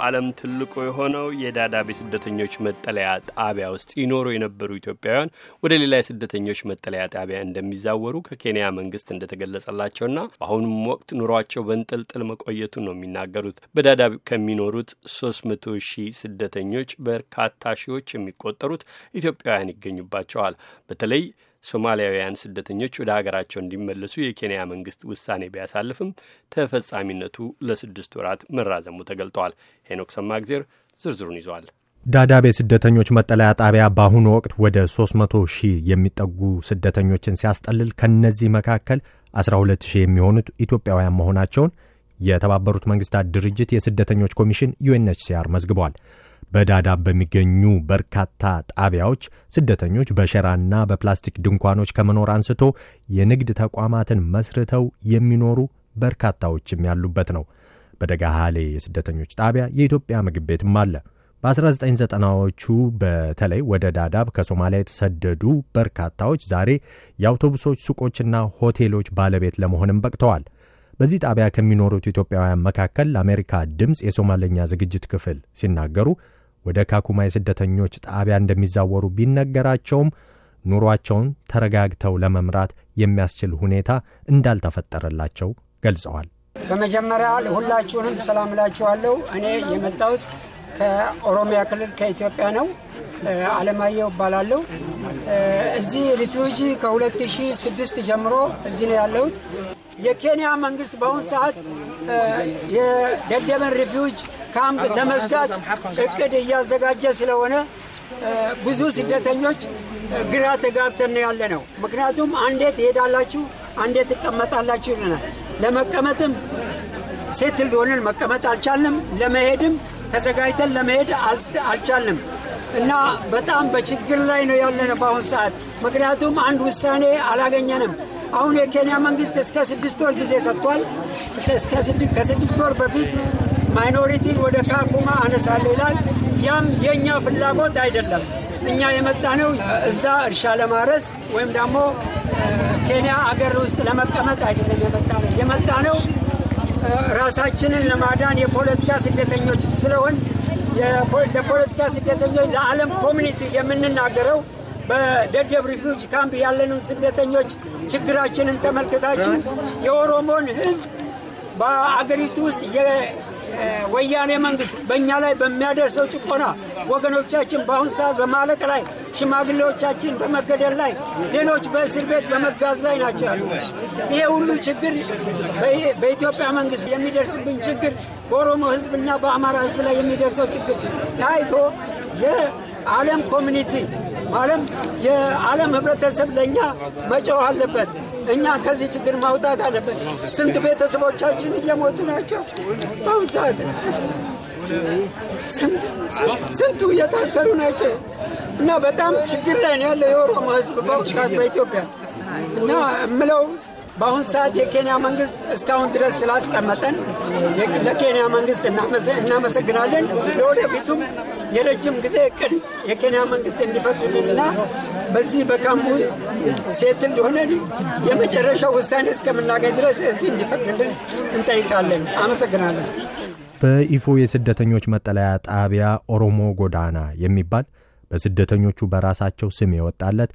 በዓለም ትልቁ የሆነው የዳዳቤ ስደተኞች መጠለያ ጣቢያ ውስጥ ይኖሩ የነበሩ ኢትዮጵያውያን ወደ ሌላ የስደተኞች መጠለያ ጣቢያ እንደሚዛወሩ ከኬንያ መንግስት እንደተገለጸላቸውና በአሁኑም ወቅት ኑሯቸው በንጥልጥል መቆየቱን ነው የሚናገሩት። በዳዳብ ከሚኖሩት ሶስት መቶ ሺህ ስደተኞች በርካታ ሺዎች የሚቆጠሩት ኢትዮጵያውያን ይገኙባቸዋል። በተለይ ሶማሊያውያን ስደተኞች ወደ ሀገራቸው እንዲመለሱ የኬንያ መንግስት ውሳኔ ቢያሳልፍም ተፈጻሚነቱ ለስድስት ወራት መራዘሙ ተገልጧል። ሄኖክ ሰማግዜር ዝርዝሩን ይዟል። ዳዳብ የስደተኞች መጠለያ ጣቢያ በአሁኑ ወቅት ወደ 300 ሺህ የሚጠጉ ስደተኞችን ሲያስጠልል ከእነዚህ መካከል 12 ሺህ የሚሆኑት ኢትዮጵያውያን መሆናቸውን የተባበሩት መንግስታት ድርጅት የስደተኞች ኮሚሽን ዩኤንኤችሲአር መዝግቧል። በዳዳብ በሚገኙ በርካታ ጣቢያዎች ስደተኞች በሸራና በፕላስቲክ ድንኳኖች ከመኖር አንስቶ የንግድ ተቋማትን መስርተው የሚኖሩ በርካታዎችም ያሉበት ነው። በደጋሃሌ የስደተኞች ጣቢያ የኢትዮጵያ ምግብ ቤትም አለ። በ1990ዎቹ በተለይ ወደ ዳዳብ ከሶማሊያ የተሰደዱ በርካታዎች ዛሬ የአውቶቡሶች ሱቆችና ሆቴሎች ባለቤት ለመሆንም በቅተዋል። በዚህ ጣቢያ ከሚኖሩት ኢትዮጵያውያን መካከል ለአሜሪካ ድምፅ የሶማለኛ ዝግጅት ክፍል ሲናገሩ ወደ ካኩማ የስደተኞች ጣቢያ እንደሚዛወሩ ቢነገራቸውም ኑሯቸውን ተረጋግተው ለመምራት የሚያስችል ሁኔታ እንዳልተፈጠረላቸው ገልጸዋል። በመጀመሪያ ሁላችሁንም ሰላም እላችኋለሁ። እኔ የመጣሁት ከኦሮሚያ ክልል ከኢትዮጵያ ነው። አለማየሁ እባላለሁ። እዚህ ሪፊውጂ ከ2006 ጀምሮ እዚህ ነው ያለሁት። የኬንያ መንግስት በአሁኑ ሰዓት የደደበን ሪፊውጅ ካምፕ ለመዝጋት እቅድ እያዘጋጀ ስለሆነ ብዙ ስደተኞች ግራ ተጋብተን ያለ ነው። ምክንያቱም አንዴት ትሄዳላችሁ፣ አንዴት ትቀመጣላችሁ ይለናል። ለመቀመጥም ሴት ሆነን መቀመጥ አልቻልንም። ለመሄድም ተዘጋጅተን ለመሄድ አልቻልንም እና በጣም በችግር ላይ ነው ያለነው በአሁን ሰዓት። ምክንያቱም አንድ ውሳኔ አላገኘንም። አሁን የኬንያ መንግስት እስከ ስድስት ወር ጊዜ ሰጥቷል። ከስድስት ወር በፊት ማይኖሪቲን ወደ ካኩማ አነሳለሁ ይላል። ያም የእኛ ፍላጎት አይደለም። እኛ የመጣ ነው እዛ እርሻ ለማረስ ወይም ደግሞ ኬንያ አገር ውስጥ ለመቀመጥ አይደለም የመጣ የመጣ ነው ራሳችንን ለማዳን የፖለቲካ ስደተኞች ስለሆን ለፖለቲካ ስደተኞች ለዓለም ኮሚኒቲ የምንናገረው በደደብ ሪፊጅ ካምፕ ያለንን ስደተኞች ችግራችንን ተመልክታችሁ የኦሮሞን ህዝብ በአገሪቱ ውስጥ ወያኔ መንግስት በእኛ ላይ በሚያደርሰው ጭቆና ወገኖቻችን በአሁን ሰዓት በማለቅ ላይ፣ ሽማግሌዎቻችን በመገደል ላይ፣ ሌሎች በእስር ቤት በመጋዝ ላይ ናቸው ያሉ። ይሄ ሁሉ ችግር በኢትዮጵያ መንግስት የሚደርስብን ችግር በኦሮሞ ህዝብና በአማራ ህዝብ ላይ የሚደርሰው ችግር ታይቶ የዓለም ኮሚኒቲ ማለም የዓለም ህብረተሰብ ለእኛ መጮህ አለበት። እኛ ከዚህ ችግር ማውጣት አለበት። ስንት ቤተሰቦቻችን እየሞቱ ናቸው በአሁን ሰዓት። ስንቱ እየታሰሩ ናቸው እና በጣም ችግር ላይ ያለ የኦሮሞ ህዝብ በአሁን ሰዓት በኢትዮጵያ እና ምለው በአሁን ሰዓት የኬንያ መንግስት እስካሁን ድረስ ስላስቀመጠን ለኬንያ መንግስት እናመሰግናለን። ለወደፊቱም የረጅም ጊዜ እቅድ የኬንያ መንግስት እንዲፈቅድልንና በዚህ በካምፕ ውስጥ ሴት እንደሆነ የመጨረሻው ውሳኔ እስከምናገኝ ድረስ እዚህ እንዲፈቅድልን እንጠይቃለን። አመሰግናለን። በኢፎ የስደተኞች መጠለያ ጣቢያ ኦሮሞ ጎዳና የሚባል በስደተኞቹ በራሳቸው ስም የወጣለት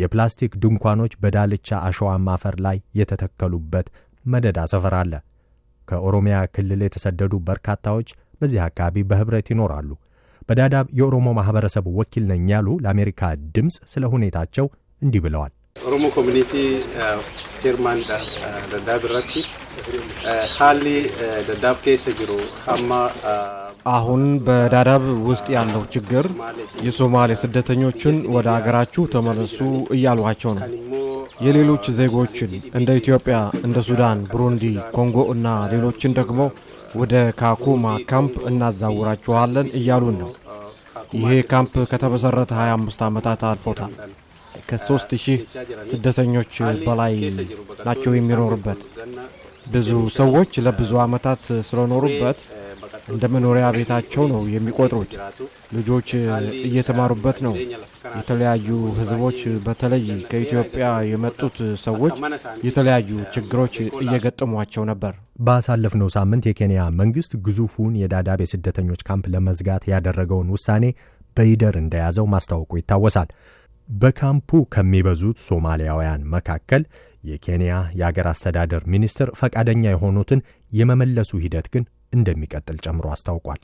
የፕላስቲክ ድንኳኖች በዳልቻ አሸዋማ አፈር ላይ የተተከሉበት መደዳ ሰፈር አለ። ከኦሮሚያ ክልል የተሰደዱ በርካታዎች በዚህ አካባቢ በኅብረት ይኖራሉ። በዳዳብ የኦሮሞ ማኅበረሰብ ወኪል ነኝ ያሉ ለአሜሪካ ድምፅ ስለ ሁኔታቸው እንዲህ ብለዋል። ኦሮሞ ኮሚኒቲ ቼርማን ዳዳብ ረት ሀሊ ዳዳብ ኬሰ ጅሩ አሁን በዳዳብ ውስጥ ያለው ችግር የሶማሌ ስደተኞችን ወደ አገራችሁ ተመለሱ እያሏቸው ነው። የሌሎች ዜጎችን እንደ ኢትዮጵያ፣ እንደ ሱዳን፣ ብሩንዲ፣ ኮንጎ እና ሌሎችን ደግሞ ወደ ካኩማ ካምፕ እናዛውራችኋለን እያሉን ነው። ይሄ ካምፕ ከተመሠረተ 25 ዓመታት አልፎታል። ከሦስት ሺህ ስደተኞች በላይ ናቸው የሚኖሩበት። ብዙ ሰዎች ለብዙ ዓመታት ስለኖሩበት እንደ መኖሪያ ቤታቸው ነው የሚቆጥሩት። ልጆች እየተማሩበት ነው። የተለያዩ ህዝቦች፣ በተለይ ከኢትዮጵያ የመጡት ሰዎች የተለያዩ ችግሮች እየገጠሟቸው ነበር። ባሳለፍነው ሳምንት የኬንያ መንግስት ግዙፉን የዳዳብ የስደተኞች ካምፕ ለመዝጋት ያደረገውን ውሳኔ በይደር እንደያዘው ማስታወቁ ይታወሳል። በካምፑ ከሚበዙት ሶማሊያውያን መካከል የኬንያ የአገር አስተዳደር ሚኒስትር ፈቃደኛ የሆኑትን የመመለሱ ሂደት ግን እንደሚቀጥል ጨምሮ አስታውቋል።